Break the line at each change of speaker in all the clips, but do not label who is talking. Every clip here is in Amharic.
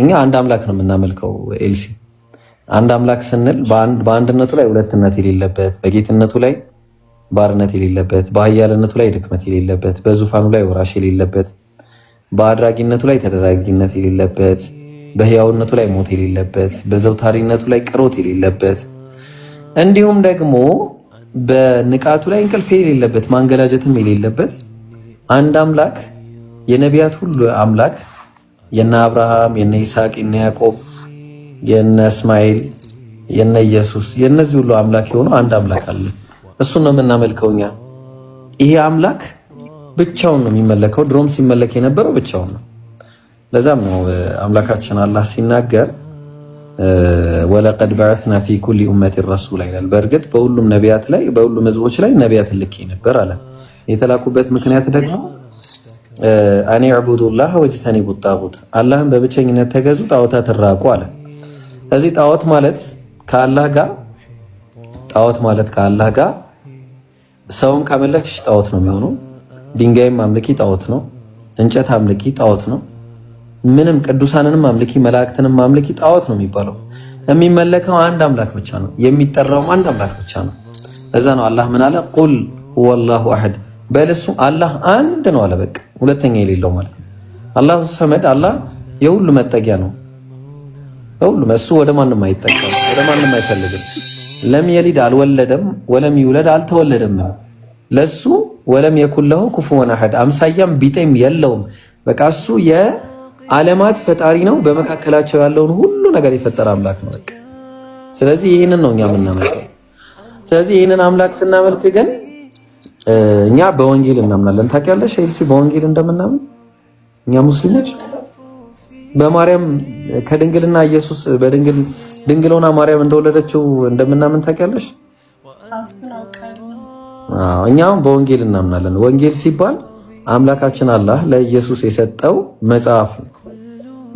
እኛ አንድ አምላክ ነው የምናመልከው። ኤልሲ አንድ አምላክ ስንል በአንድነቱ ላይ ሁለትነት የሌለበት፣ በጌትነቱ ላይ ባርነት የሌለበት፣ በኃያልነቱ ላይ ድክመት የሌለበት፣ በዙፋኑ ላይ ወራሽ የሌለበት፣ በአድራጊነቱ ላይ ተደራጊነት የሌለበት፣ በህያውነቱ ላይ ሞት የሌለበት፣ በዘውታሪነቱ ላይ ቅሮት የሌለበት፣ እንዲሁም ደግሞ በንቃቱ ላይ እንቅልፍ የሌለበት፣ ማንገላጀትም የሌለበት አንድ አምላክ የነቢያት ሁሉ አምላክ የነ አብርሃም የነ ይስሐቅ የነ ያዕቆብ የነ እስማኤል የነ ኢየሱስ የነዚህ ሁሉ አምላክ የሆነው አንድ አምላክ አለ። እሱን ነው የምናመልከው እኛ። ይሄ አምላክ ብቻውን ነው የሚመለከው። ድሮም ሲመለክ የነበረው ብቻውን ነው። ለዛም ነው አምላካችን አላህ ሲናገር ወለቀድ በዐትና ፊ ኩሊ ኡመቲን ረሱላ ይላል። በእርግጥ በሁሉም ነቢያት ላይ በሁሉም ህዝቦች ላይ ነቢያት ልኬ ነበር አለ። የተላኩበት ምክንያት ደግሞ አኔ ዕቡዱላህ ወጅተኒ ቡጣሁት አላህን በብቸኝነት ተገዙ፣ ጣዖታት እራቁ አለ። እዚህ ጣዖት ማለት ከአላህ ጋር ጣዖት ማለት ከአላህ ጋር ሰውን ካመለክሽ ጣዖት ነው የሚሆኑ። ድንጋይም አምልኪ ጣዖት ነው፣ እንጨት አምልኪ ጣዖት ነው፣ ምንም ቅዱሳንንም አምልኪ መላእክትንም አምልኪ ጣዖት ነው የሚባለው። የሚመለከው አንድ አምላክ ብቻ ነው፣ የሚጠራውም አንድ አምላክ ብቻ ነው። እዛ ነው አላህ ምን አለ? ቁል ሁወላሁ አሐድ በልሱ አላህ አንድ ነው አለ በቃ ሁለተኛ የሌለው ማለት ነው። አላሁ ሰመድ አላህ የሁሉ መጠጊያ ነው። ሁሉ እሱ ወደ ማንም አይጠጋም፣ ወደ ማንም አይፈልግም። ለም የሊድ አልወለደም፣ ወለም ይውለድ አልተወለደም። ለሱ ወለም የኩን ለሁ ኩፉወን አሐድ አምሳያም ቢጤም የለውም። በቃ እሱ የዓለማት ፈጣሪ ነው። በመካከላቸው ያለውን ሁሉ ነገር የፈጠረ አምላክ ነው። ስለዚህ ይህንን ነው እኛ የምናመልከው። ስለዚህ ይህንን አምላክ ስናመልክ ግን እኛ በወንጌል እናምናለን። ታውቂያለሽ ኤልሲ፣ በወንጌል እንደምናምን እኛ ሙስሊሞች በማርያም ከድንግልና ኢየሱስ በድንግል ድንግል ሆና ማርያም እንደወለደችው እንደምናምን ታውቂያለሽ። አዎ እኛም በወንጌል እናምናለን። ወንጌል ሲባል አምላካችን አላህ ለኢየሱስ የሰጠው መጽሐፍ ነው።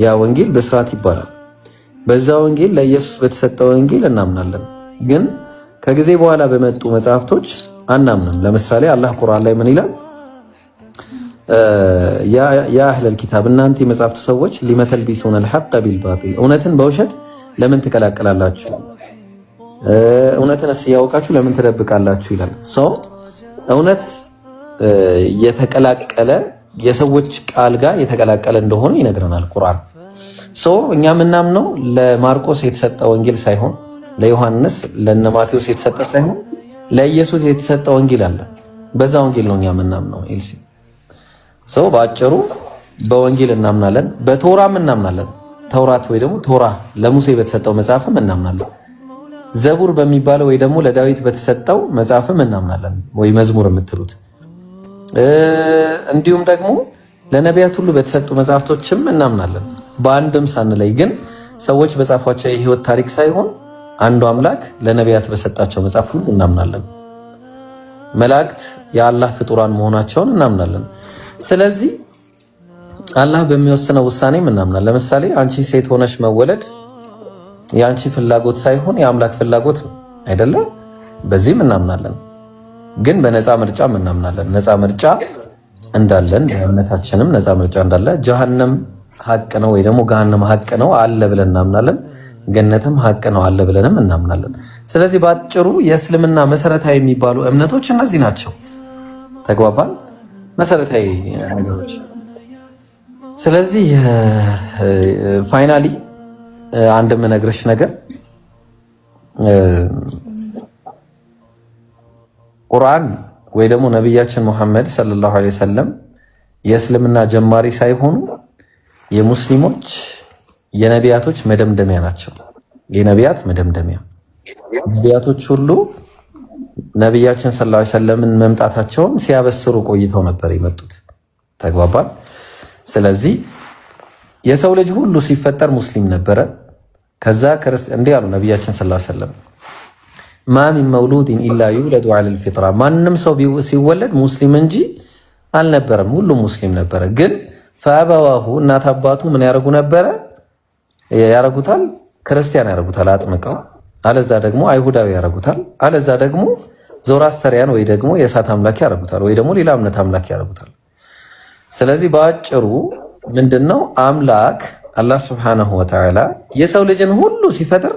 ያ ወንጌል ብስራት ይባላል። በዛ ወንጌል ለኢየሱስ በተሰጠው ወንጌል እናምናለን። ግን ከጊዜ በኋላ በመጡ መጽሐፍቶች አናምንም። ለምሳሌ አላህ ቁርአን ላይ ምን ይላል? ያ አህለል ኪታብ እናንተ የመጻፍቱ ሰዎች ሊመተልቢሱን አልሐቅ ቢልባጢል እውነትን በውሸት ለምን ትቀላቅላላችሁ? እውነትን እያወቃችሁ ለምን ትደብቃላችሁ? ይላል ሰው እውነት የተቀላቀለ የሰዎች ቃል ጋር የተቀላቀለ እንደሆነ ይነግረናል ቁርአን። ሰው እኛ ምናምነው ለማርቆስ የተሰጠ ወንጌል ሳይሆን ለዮሐንስ ለነማቴዎስ የተሰጠ ሳይሆን ለኢየሱስ የተሰጠ ወንጌል አለ። በዛ ወንጌል ነው እኛ የምናምነው። ኤልሲ ሰው በአጭሩ በወንጌል እናምናለን፣ በቶራም እናምናለን። ተውራት ወይ ደግሞ ቶራ ለሙሴ በተሰጠው መጽሐፍም እናምናለን። ዘቡር በሚባለው ወይ ደግሞ ለዳዊት በተሰጠው መጽሐፍም እናምናለን፣ ወይ መዝሙር የምትሉት እንዲሁም ደግሞ ለነቢያት ሁሉ በተሰጡ መጽሐፍቶችም እናምናለን። በአንድም ሳንለይ ግን ሰዎች በጻፏቸው የህይወት ታሪክ ሳይሆን አንዱ አምላክ ለነቢያት በሰጣቸው መጽሐፍ ሁሉ እናምናለን። መላእክት የአላህ ፍጡራን መሆናቸውን እናምናለን። ስለዚህ አላህ በሚወስነው ውሳኔም እናምናለን። ለምሳሌ አንቺ ሴት ሆነሽ መወለድ የአንቺ ፍላጎት ሳይሆን የአምላክ ፍላጎት ነው አይደለ? በዚህም እናምናለን። ግን በነፃ ምርጫም እናምናለን። ነፃ ምርጫ እንዳለን በእምነታችንም ነፃ ምርጫ እንዳለ፣ ጀሃነም ሀቅ ነው ወይ ደግሞ ገሃነም ሀቅ ነው አለ ብለን እናምናለን። ገነትም ሀቅ ነው አለ ብለንም እናምናለን። ስለዚህ በአጭሩ የእስልምና መሰረታዊ የሚባሉ እምነቶች እነዚህ ናቸው። ተግባባል። መሰረታዊ ነገሮች። ስለዚህ ፋይናሊ አንድ የምነግርሽ ነገር ቁርአን ወይ ደግሞ ነቢያችን ሙሐመድ ሰለላሁ ዐለይሂ ወሰለም የእስልምና ጀማሪ ሳይሆኑ የሙስሊሞች የነቢያቶች መደምደሚያ ናቸው። የነቢያት መደምደሚያ ነቢያቶች ሁሉ ነቢያችን ስለ ዐለይሂ መምጣታቸውን ሲያበስሩ ቆይተው ነበር የመጡት። ተግባባል። ስለዚህ የሰው ልጅ ሁሉ ሲፈጠር ሙስሊም ነበረ። ከዛ እንዲህ አሉ ነቢያችን ሰለላሁ ሰለም ወሰለም ማ ሚን መውሉድን ኢላ ዩውለዱ ዐለል ፊጥራ፣ ማንም ሰው ሲወለድ ሙስሊም እንጂ አልነበረም፣ ሁሉም ሙስሊም ነበረ። ግን ፈአበዋሁ እናት አባቱ ምን ያደርጉ ነበረ ያረጉታል፣ ክርስቲያን ያረጉታል አጥምቀው፣ አለዛ ደግሞ አይሁዳዊ ያረጉታል፣ አለዛ ደግሞ ዞራስተሪያን ወይ ደግሞ የእሳት አምላክ ያረጉታል፣ ወይ ደግሞ ሌላ እምነት አምላክ ያረጉታል። ስለዚህ በአጭሩ ምንድነው አምላክ አላህ ስብሐነሁ ወተዓላ የሰው ልጅን ሁሉ ሲፈጥር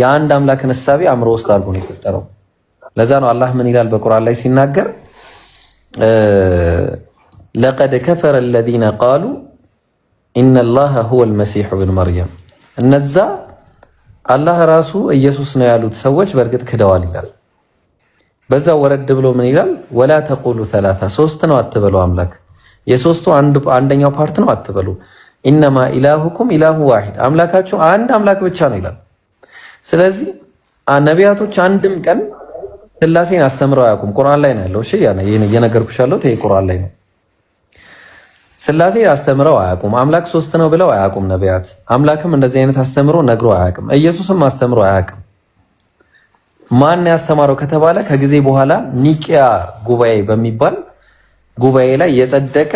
የአንድ አምላክ እሳቤ አእምሮ ውስጥ አድርጎ ነው የፈጠረው። ለዛ ነው አላህ ምን ይላል በቁርአን ላይ ሲናገር ለቀድ ከፈረ አለዚነ ቃሉ ኢነላሃ ሁወል መሲሑ ብን መርየም እነዛ አላህ ራሱ ኢየሱስ ነው ያሉት ሰዎች በእርግጥ ክደዋል ይላል። በዛ ወረድ ብሎ ምን ይላል? ወላ ተቁሉ ተላታ ሶስት ነው አትበሉ። አምላክ የሶስቱ አንደኛው ፓርት ነው አትበሉ። ኢነማ ኢላሁኩም ኢላሁ ዋሂድ አምላካችሁ አንድ አምላክ ብቻ ነው ይላል። ስለዚህ ነቢያቶች አንድም ቀን ስላሴን አስተምረው አያውቁም። ቁርአን ላይ ነው ያለው። እሺ ያ ነው የነገርኩሽ ያለው ቁርአን ላይ ነው። ስላሴ አስተምረው አያውቁም። አምላክ ሶስት ነው ብለው አያውቁም ነቢያት። አምላክም እንደዚህ አይነት አስተምሮ ነግሮ አያውቅም። ኢየሱስም አስተምሮ አያውቅም። ማን ያስተማረው ከተባለ ከጊዜ በኋላ ኒቅያ ጉባኤ በሚባል ጉባኤ ላይ የጸደቀ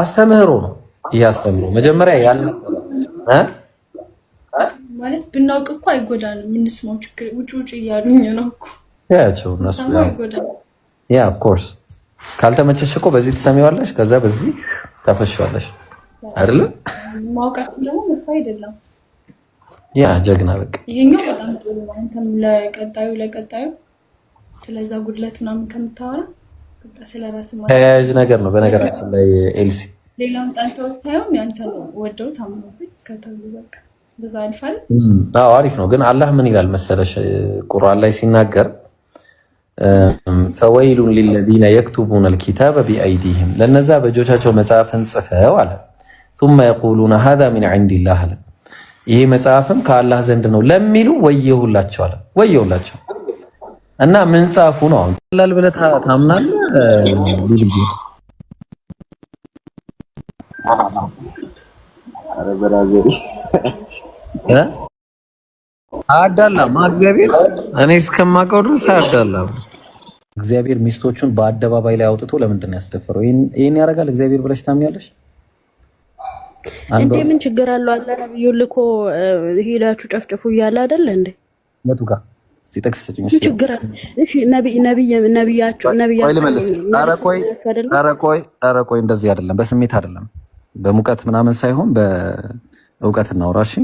አስተምህሮ ነው። ይህ አስተምህሮ መጀመሪያ ያለ
ማለት ብናውቅ እኮ አይጎዳንም። የምንስማው ችግር ውጭ ውጭ እያሉኝ ነው
ያቸው እነሱ ያ ኦፍ ኮርስ ካልተመቸሽ እኮ በዚህ ትሰሚዋለሽ ከዛ በዚህ ታፈሽዋለሽ አይደለ?
ማውቃት ደግሞ መጥፎ አይደለም።
ያ ጀግና በቃ
ይሄኛው በጣም ጥሩ ነው። አንተም ለቀጣዩ ለቀጣዩ ስለዛ ጉድለት ምናምን ከምታወራ በቃ ስለራስ
ማለት ነገር ነው። በነገራችን ላይ ኤልሲ
ሌላውን ጣልተው ሳይሆን ያንተ ነው ወደው ታምኖበት ከተው በቃ
አሪፍ ነው። ግን አላህ ምን ይላል መሰለሽ ቁርአን ላይ ሲናገር ፈወይሉን ሊለዚነ የክቱቡነ ልኪታበ ቢአይዲህም ለነዛ በእጆቻቸው መጽሐፍን ጽፈው አለ። ቱመ የቁሉነ ሀዛ ሚን ዒንዲላህ አለ። ይሄ መጽሐፍም ከአላህ ዘንድ ነው ለሚሉ ወየሁላቸው አለ። ወየሁላቸው እና ምን ጻፉ ነው? አሁን ቀላል ብለህ ታምናለህ? ኧረ በራዘሪ አዳላም እግዚአብሔር እኔ እስከማውቀው ድረስ አዳላም እግዚአብሔር ሚስቶቹን በአደባባይ ላይ አውጥቶ ለምንድን ነው ያስደፈረው? ይህን ያደርጋል እግዚአብሔር ብለሽ ታምኛለሽ?
እንዴ ምን ችግር አለው? አለ ነብዩ ልኮ ሄዳችሁ ጨፍጭፉ እያለ አይደለ እንዴ? ነቱ ጋር ችግር አለ? እሺ ነብይ ነብይ ነብያቸው
ነብያቸው ወይ ልመልስ። ኧረ ቆይ ኧረ ቆይ እንደዚህ አይደለም። በስሜት አይደለም፣ በሙቀት ምናምን ሳይሆን በእውቀት እናውራ። እሺ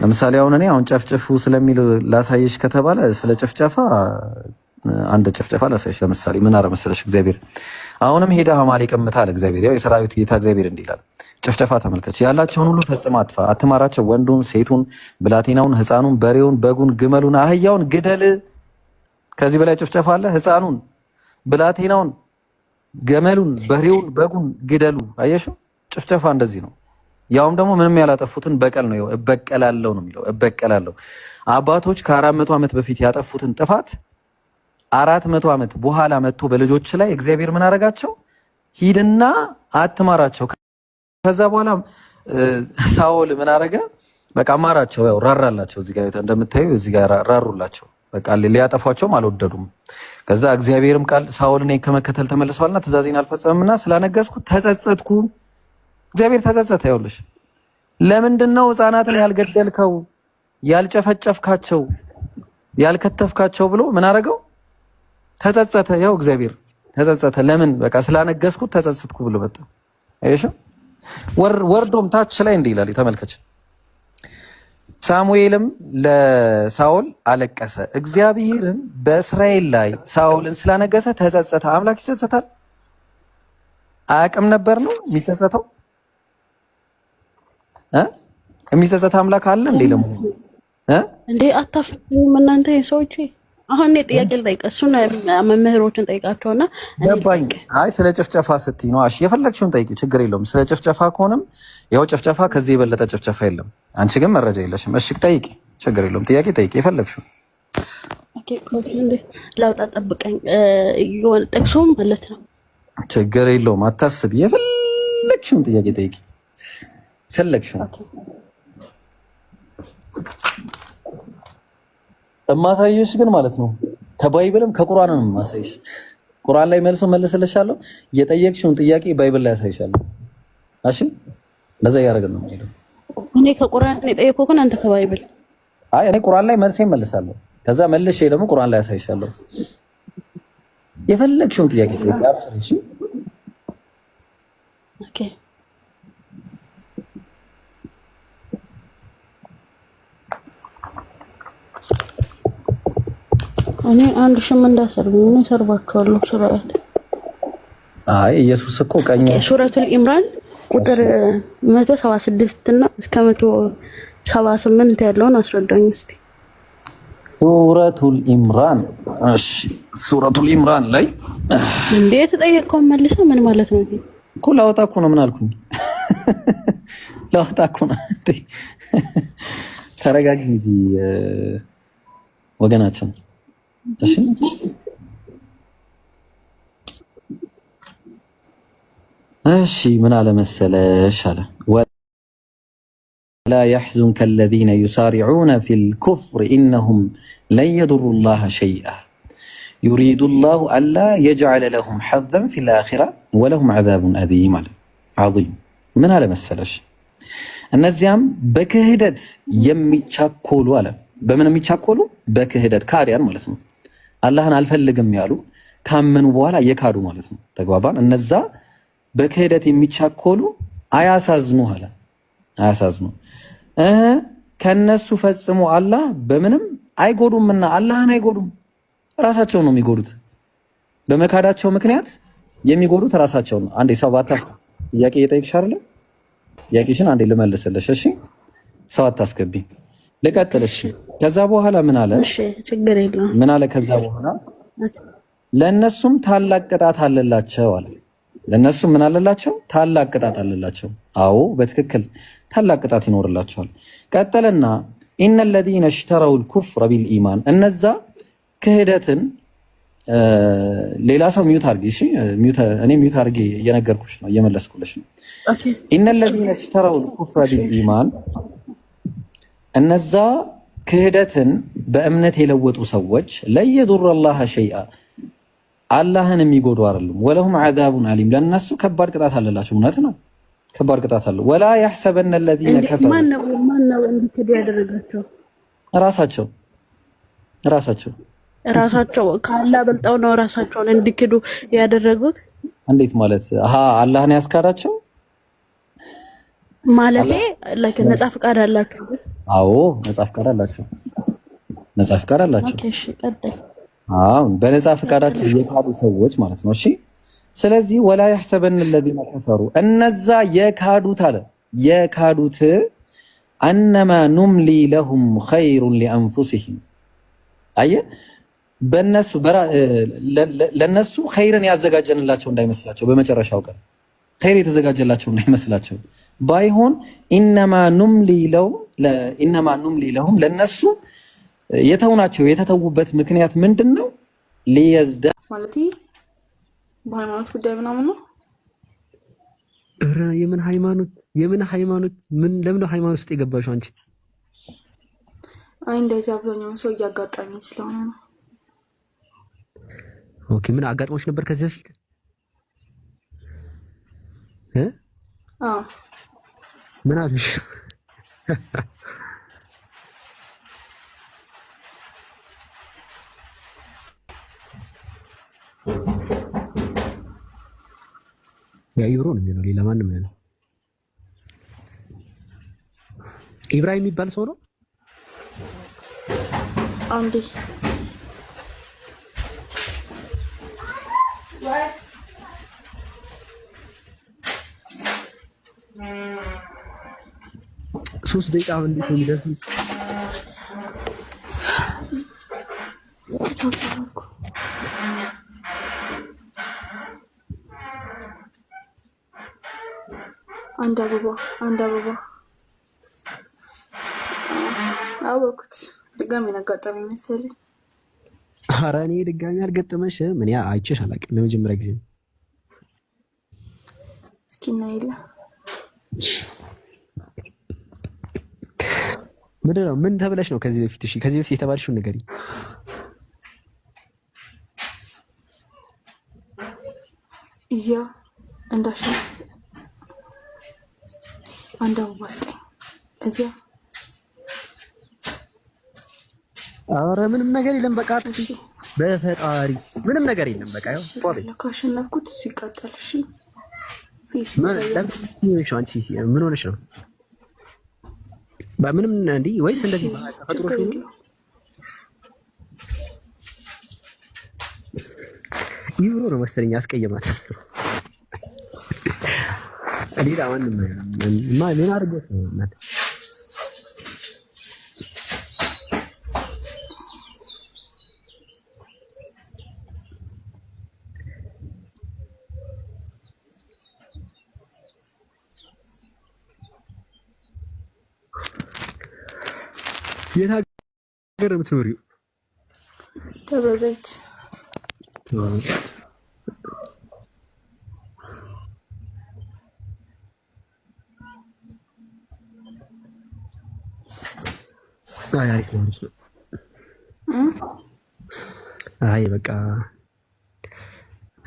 ለምሳሌ አሁን እኔ አሁን ጨፍጭፉ ስለሚል ላሳየሽ ከተባለ ስለ ጭፍጨፋ አንድ ጭፍጨፋ ላሳየሽ። ለምሳሌ ምን አረ መሰለሽ እግዚአብሔር አሁንም ሄዳ ሀማሌ ቀምታ አለ እግዚአብሔር። ያው የሰራዊት ጌታ እግዚአብሔር እንዲህ ይላል፣ ጨፍጨፋ ተመልከች። ያላቸውን ሁሉ ፈጽማ አጥፋ፣ አትማራቸው። ወንዱን፣ ሴቱን፣ ብላቴናውን፣ ህፃኑን በሬውን፣ በጉን፣ ግመሉን፣ አህያውን ግደል። ከዚህ በላይ ጭፍጨፋ አለ? ህፃኑን፣ ብላቴናውን፣ ገመሉን፣ በሬውን፣ በጉን ግደሉ። አየሽው፣ ጨፍጨፋ እንደዚህ ነው። ያውም ደግሞ ምንም ያላጠፉትን በቀል ነው። እበቀላለሁ ነው የሚለው። እበቀላለሁ አባቶች ከአራት መቶ ዓመት በፊት ያጠፉትን ጥፋት አራት መቶ ዓመት በኋላ መጥቶ በልጆች ላይ እግዚአብሔር ምን አደረጋቸው? ሂድና አትማራቸው። ከዛ በኋላ ሳኦል ምን አደረገ? በቃ ማራቸው፣ ያው ራራላቸው። እዚህ ጋር እንደምታዩ እዚህ ጋር ራሩላቸው። በቃ ሊያጠፏቸውም አልወደዱም። ከዛ እግዚአብሔርም ቃል ሳኦልን ከመከተል ተመልሷልና ትእዛዜን አልፈጸምምና ስላነገስኩ ተጸጸትኩ እግዚአብሔር ተጸጸተ። ይኸውልሽ ለምንድን ነው ህፃናትን ያልገደልከው ያልጨፈጨፍካቸው ያልከተፍካቸው ብሎ ምን አደረገው? ተጸጸተ። ያው እግዚአብሔር ተጸጸተ። ለምን በቃ ስላነገስኩት ተጸጸትኩ ብሎ መጣ። አይሽ ወርዶም ታች ላይ እንዲህ ይላል ተመልከች። ሳሙኤልም ለሳኦል አለቀሰ፣ እግዚአብሔርም በእስራኤል ላይ ሳኦልን ስላነገሰ ተጸጸተ። አምላክ ይጸጸታል? አያውቅም ነበር ነው የሚጸጸተው? የሚሰጠት አምላክ አለ እንዴ? ለሙ
እንዴ አታፍሩም እናንተ ሰዎች? አሁን እኔ ጥያቄ ልጠይቅ፣ እሱን መምህሮችን ጠይቃቸውና
ገባኝ። አይ ስለ ጭፍጨፋ ስትይ ነው። እሺ የፈለግሽውን ጠይቂ፣ ችግር የለውም። ስለ ጭፍጨፋ ከሆነም ያው ጭፍጨፋ፣ ከዚህ የበለጠ ጭፍጨፋ የለም። አንቺ ግን መረጃ የለሽም። እሺ ጠይቂ፣ ችግር የለውም። ጥያቄ ጠይቂ፣ የፈለግሽው
ለውጣ። ጠብቀኝ፣ ጥቅሱም ማለት ነው።
ችግር የለውም፣ አታስብ። የፈለግሽውን ጥያቄ ጠይቂ። ፈለግሽው እማሳየሽ ግን ማለት ነው ከባይብልም ከቁርአን ነው የማሳይሽ። ቁርአን ላይ መልሶ መልስልሻለሁ። የጠየቅሽውን ጥያቄ ባይብል ላይ ያሳይሻለሁ። እሺ፣ እንደዛ እያደረግን ነው ማለት ነው።
እኔ ከቁርአን ነው የጠየቅኩህ፣ አንተ ከባይብል።
አይ እኔ ቁርአን ላይ መልሴ መልሳለሁ፣ ከዛ መልሼ ደግሞ ቁርአን ላይ ያሳይሻለሁ። የፈለግሽውን ጥያቄ ጥያቄ። እሺ ኦኬ
እኔ አንድ ሽም እንዳሰርጉኝ ምን ሰርባችኋለሁ። ሱራት
አይ ኢየሱስ እኮ ቀኝ
ሱረቱል ኢምራን ቁጥር 176 እና እስከ 178 ያለውን አስረዳኝ እስቲ።
ሱረቱል ኢምራን እሺ፣ ሱረቱል ኢምራን ላይ
እንዴ የተጠየቀውን መልሰ ምን ማለት ነው?
እኮ ላወጣ እኮ ነው። ምን አልኩኝ? ላወጣ እኮ ነው። ተረጋግ እንጂ ወገናችን እሺ ምን አለ መሰለሽ አለ ولا يحزنك الذين يسارعون في الكفر انهم لن يضروا الله شيئا يريد الله الا يجعل لهم حظا في الاخره ولهم عذاب أليم عظيم ምን አለ መሰለሽ እነዚያም በክህደት የሚቻኮሉ አለ በምን የሚቻኮሉ በክህደት ካዲያን ማለት ነው አላህን አልፈልግም ያሉ ካመኑ በኋላ የካዱ ማለት ነው። ተግባባን። እነዛ በክህደት የሚቻኮሉ አያሳዝኑ አለ አያሳዝኑ እ ከነሱ ፈጽሞ አላህ በምንም አይጎዱምና አላህን አይጎዱም። ራሳቸው ነው የሚጎዱት። በመካዳቸው ምክንያት የሚጎዱት ራሳቸው ነው። አንዴ ሰው ባታስገቢ ጥያቄ እየጠየቅሽ አይደለ? ጥያቄሽን አንዴ ልመልስልሽ። እሺ ሰው አታስገቢ። ልቀጥል። እሺ ከዛ በኋላ ምን አለ? ምን አለ? ከዛ በኋላ ለእነሱም ታላቅ ቅጣት አለላቸው አለ። ለእነሱ ምን አለላቸው? ታላቅ ቅጣት አለላቸው። አዎ በትክክል ታላቅ ቅጣት ይኖርላቸዋል። ቀጠለና ኢነ ለዚነ ሽተረው ልኩፍረ ቢልኢማን እነዛ ክህደትን ሌላ ሰው ሚዩት አርጊ፣ እኔ ሚዩት አርጊ እየነገርኩሽ ነው እየመለስኩልሽ ነው። ኢነ ለዚነ ሽተረው ልኩፍረ ቢልኢማን እነዛ ክህደትን በእምነት የለወጡ ሰዎች ለየዱር አላህ ሸይአ አላህን የሚጎዱ አይደሉም። ወለሁም ዓዛቡን አሊም ለነሱ ከባድ ቅጣት አለላቸው። እውነት ነው፣ ከባድ ቅጣት አለ። ወላ ያሕሰበነ ለዚነ ከፈሩ ራሳቸው ራሳቸው
ራሳቸው ከአላህ በልጠው ነው ራሳቸውን እንዲክዱ ያደረጉት።
እንዴት ማለት አላህን ያስካዳቸው
ማለት ነፃ ፈቃድ አላቸው
አዎ ነጻ ፍቃድ አላቸው። ነጻ ፍቃድ አላቸው። አዎ በነጻ ፍቃዳቸው የካዱ ሰዎች ማለት ነው። እሺ ስለዚህ ወላ ያህሰበን الذين كفروا እነዛ የካዱት አለ የካዱት አነማ ኑምሊ ለሁም ኸይሩን ሊአንፉሲሂም አየህ በነሱ ለነሱ ኸይርን ያዘጋጀንላቸው እንዳይመስላቸው በመጨረሻው ቀን ኸይር የተዘጋጀላቸው እንዳይመስላቸው ባይሆን ኢነማ ኑምሊ ለሁም ለነሱ የተውናቸው የተተዉበት ምክንያት ምንድን ነው? ሊየዝደ
ማለት በሃይማኖት ጉዳይ ምናምን ነው።
ኧረ የምን ሃይማኖት የምን ሃይማኖት ምን ለምን ሃይማኖት ውስጥ የገባሽው አንቺ?
አይ እንደዚህ አብዛኛውን ሰው እያጋጣሚ ስለሆነ ነው።
ኦኬ ምን አጋጥሞች ነበር ከዚህ በፊት? ምን አሉሽ? ያ ኢብሮ ነው የሚለው፣ ሌላ ማንም ነው። ኢብራሂም የሚባል ሰው ነው አንዴ ሶስት ደቂቃ እንዴት ነው የሚደርስ?
አንድ አበባ አንድ አበባ አወኩት። ድጋሚ ያጋጠመኝ መሰለኝ።
ኧረ እኔ ድጋሚ አልገጠመሽም። እኔ አይቼሽ አላውቅም፣ ለመጀመሪያ ጊዜ ነው።
እስኪ እና
ምንድነው? ምን ተብለሽ ነው ከዚህ በፊት? እሺ ከዚህ በፊት የተባልሽውን ነገር
እዚያ እንዳሽ አንድ አበባ ስጠኝ። እዚያ
አረ ምንም ነገር የለም። በቃ በፈጣሪ ምንም ነገር የለም። በቃ ያው
ቆይ ካሸነፍኩት እሱ ይቃጠል። እሺ
ምን ሆነሽ ነው? በምንም እንዲህ ወይስ እንደዚህ ተፈጥሮ ይብሮ ነው መሰለኝ አስቀየማት። ሌላ ማንም ምን አድርጎት ነው የት ሀገር ነው የምትኖሪው? አይ በቃ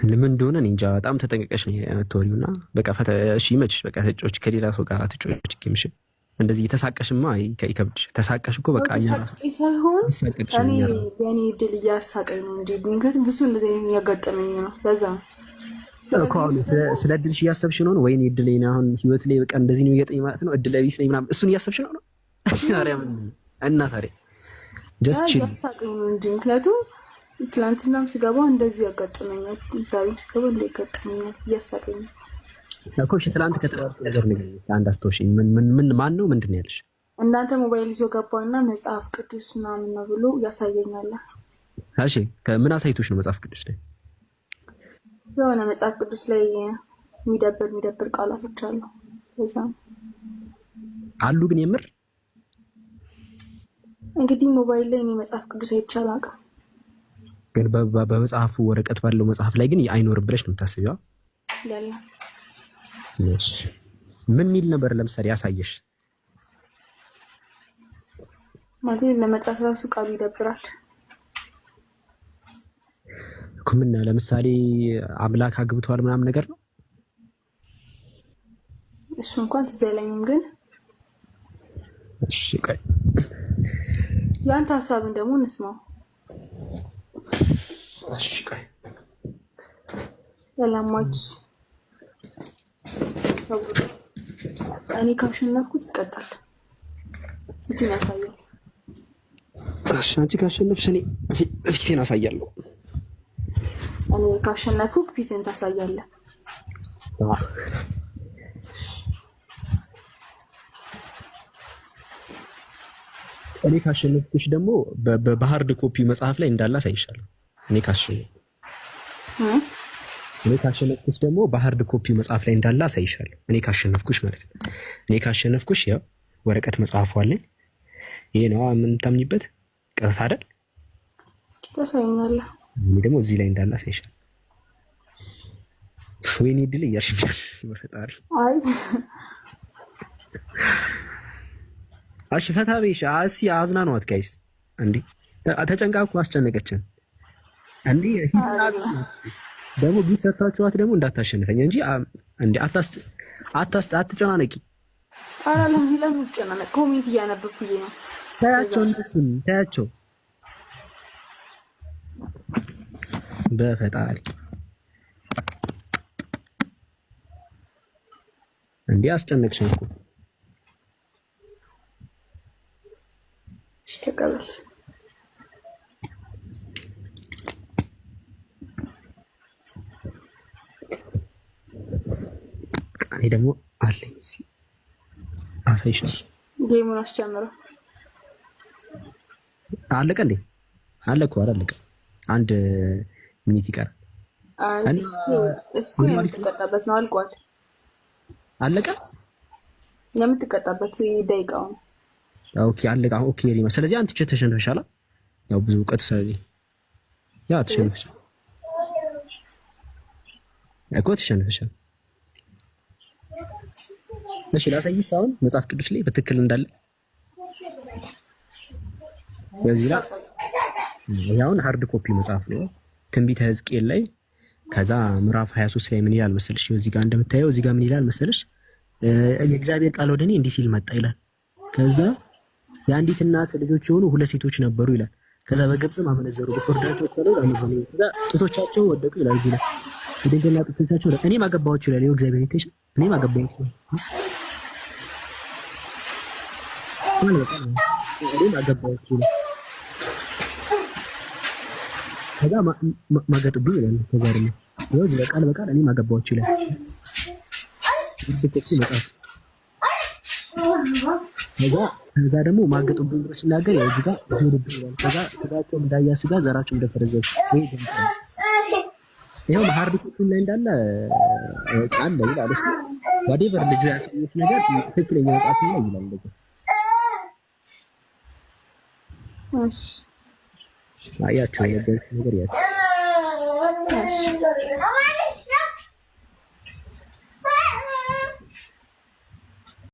ለምን እንደሆነ እኔ እንጃ። በጣም ተጠንቀቀሽ ነው የምትወሪው እና በቃ እሺ፣ ይመችሽ። በቃ ተጫዎች ከሌላ ሰው ጋር ተጫዎች ኪምሽን እንደዚህ እየተሳቀሽማ ይከብድ። ተሳቀሽ እኮ በቃ
ሳይሆን የኔ ድል እያሳቀኝ ነው እንጂ ድንገት ብዙ እንደዚህ እያጋጠመኝ ነው። ለዛ ነው
ስለ እድልሽ እያሰብሽ ነው ወይ? እድል አሁን ህይወት ላይ በቃ እንደዚህ ነው እየጠኝ ማለት ነው። እድል ቢስ ነኝ ምናምን እሱን እያሰብሽ ነው ነው እና ታዲያ
ጀስት እያሳቀኝ ነው እንጂ ምክንያቱም ትላንትናም ስገባ እንደዚሁ ያጋጠመኛል፣ ዛሬም ስገባ እንደ ያጋጠመኛል እያሳቀኝ ነው
እኮ እሺ፣ ትናንት ከተባለ ነገር አንድ አስታውሽ፣ ምን ማን ነው ምንድን ነው ያለሽ?
እናንተ ሞባይል ይዞ ገባና መጽሐፍ ቅዱስ ምናምን ነው ብሎ ያሳየኛል።
እሺ፣ ከምን አሳይቶች ነው? መጽሐፍ ቅዱስ ላይ
የሆነ መጽሐፍ ቅዱስ ላይ የሚደብር የሚደብር ቃላቶች አሉ። አሉ ግን የምር እንግዲህ ሞባይል ላይ እኔ መጽሐፍ ቅዱስ አይቻል አቅም
ግን በመጽሐፉ ወረቀት ባለው መጽሐፍ ላይ ግን አይኖርም ብለሽ ነው የምታስቢው? ምን ሚል ነበር? ለምሳሌ ያሳየሽ
ማለት ለመጻፍ ራሱ ቃሉ ይደብራል
እኮ። ለምሳሌ አምላክ አግብተዋል ምናምን ነገር ነው።
እሱ እንኳን ትዝ አይለኝም፣ ግን እሺ፣ የአንተ ሀሳብን ደግሞ እንስማው። እሺ፣ ቆይ እኔ ካሸነፍኩት ይቀጣል። ፊቴን ያሳያል።
እሺ አንቺ ካሸነፍሽ እኔ ፊቴን አሳያለሁ።
እኔ ካሸነፉ ፊቴን ታሳያለህ።
እኔ ካሸነፍኩሽ ደግሞ በሀርድ ኮፒ መጽሐፍ ላይ እንዳለ አሳይሻለሁ። እኔ ካሸነፍኩ እኔ ካሸነፍኩሽ ደግሞ በሀርድ ኮፒ መጽሐፍ ላይ እንዳለ አሳይሻለሁ። እኔ ካሸነፍኩሽ ማለት ነው። እኔ ካሸነፍኩሽ ያው ወረቀት መጽሐፉ አለኝ። ይሄ ነው የምንታምኝበት ቀጥታ አይደል?
እስኪ ታሳይኛለህ።
እኔ ደግሞ እዚህ ላይ እንዳለ አሳይሻለሁ። ወይኔ ድል እያልሽኛል። በፈጣሪ እሺ፣ ፈታ በይሽ። እስኪ አዝና ነው አትጋይስ እንዴ! ተጨንቃኩ አስጨነቀችን እንዴ! ሂድና ደግሞ ግን ቢሰታችኋት ደግሞ እንዳታሸንፈኝ እንጂ እንደ አታስ አታስ አትጨናነቂ።
ኧረ ለምን ጨናነቅ? ኮሜንት እያነበብኩኝ ነው።
ታያቸው፣ እነሱን ታያቸው። በፈጣሪ እንዴ አስጨነቅሽኝ እኮ። እሺ ተቀበል። ደግሞ አለኝ አሳይሽ
ጌሙን አስጀምረው።
አለቀልኝ። አለኩ አላለቀ። አንድ ሚኒት ይቀራል።
እሱ የምትቀጣበት ነው። አልቋል። አለቀ። የምትቀጣበት ደቂቃው ነው።
ኦኬ አለቀ። ኦኬ ሪማ። ስለዚህ አንቺ ተሸንፈሻል። ያው ብዙ እውቀት ያ ተሸንፈሻል እኮ ተሸንፈሻል። እሺ ላሳይሽ አሁን መጽሐፍ ቅዱስ ላይ በትክክል እንዳለ በዚህ ላይ ያውን ሃርድ ኮፒ መጽሐፍ ነው ትንቢተ ሕዝቅኤል ላይ ከዛ ምዕራፍ 23 ላይ ምን ይላል መሰለሽ? እዚህ ጋር እንደምታየው እዚህ ጋር ምን ይላል መሰለሽ? የእግዚአብሔር ቃል ወደ እኔ እንዲህ ሲል መጣ ይላል። ከዛ የአንዲት እናት ልጆች የሆኑ ሁለት ሴቶች ነበሩ ይላል። ከዛ በግብፅም አመነዘሩ፣ በኮርዳን ተወሰኑ፣ አመዘኑ፣ ጡቶቻቸው ወደቁ ይላል እዚህ ላይ የድንግል ናቅቶቻቸው እኔም አገባኋቸው ይላል እግዚአብሔር ይቴሽን እኔም አገባኋቸው እኔም አገባኋቸው ይላል። ከዛ ማገጡብኝ ይላል። ከዛ ደግሞ ይኸው በቃል በቃል እኔም አገባኋቸው ይላል። መጽሐፍ ከዛ ከዛ ደግሞ ማገጡብኝ ብሎ ሲናገር ያው እዚህ ጋር ይላል። ከዛ ስጋቸው እንዳያስጋ ዘራቸው እንደተረዘዘ ይሄ ይኸው ሃርድ ኮፒ ላይ እንዳለ ቃል ላይ ይላል እሱ ወዲቨር ልጅ ያሰሙት ነገር ትክክለኛ መጽሐፍ ነው ይላል። እንደዚህ እሺ፣ አያችሁ ነገር ያችሁ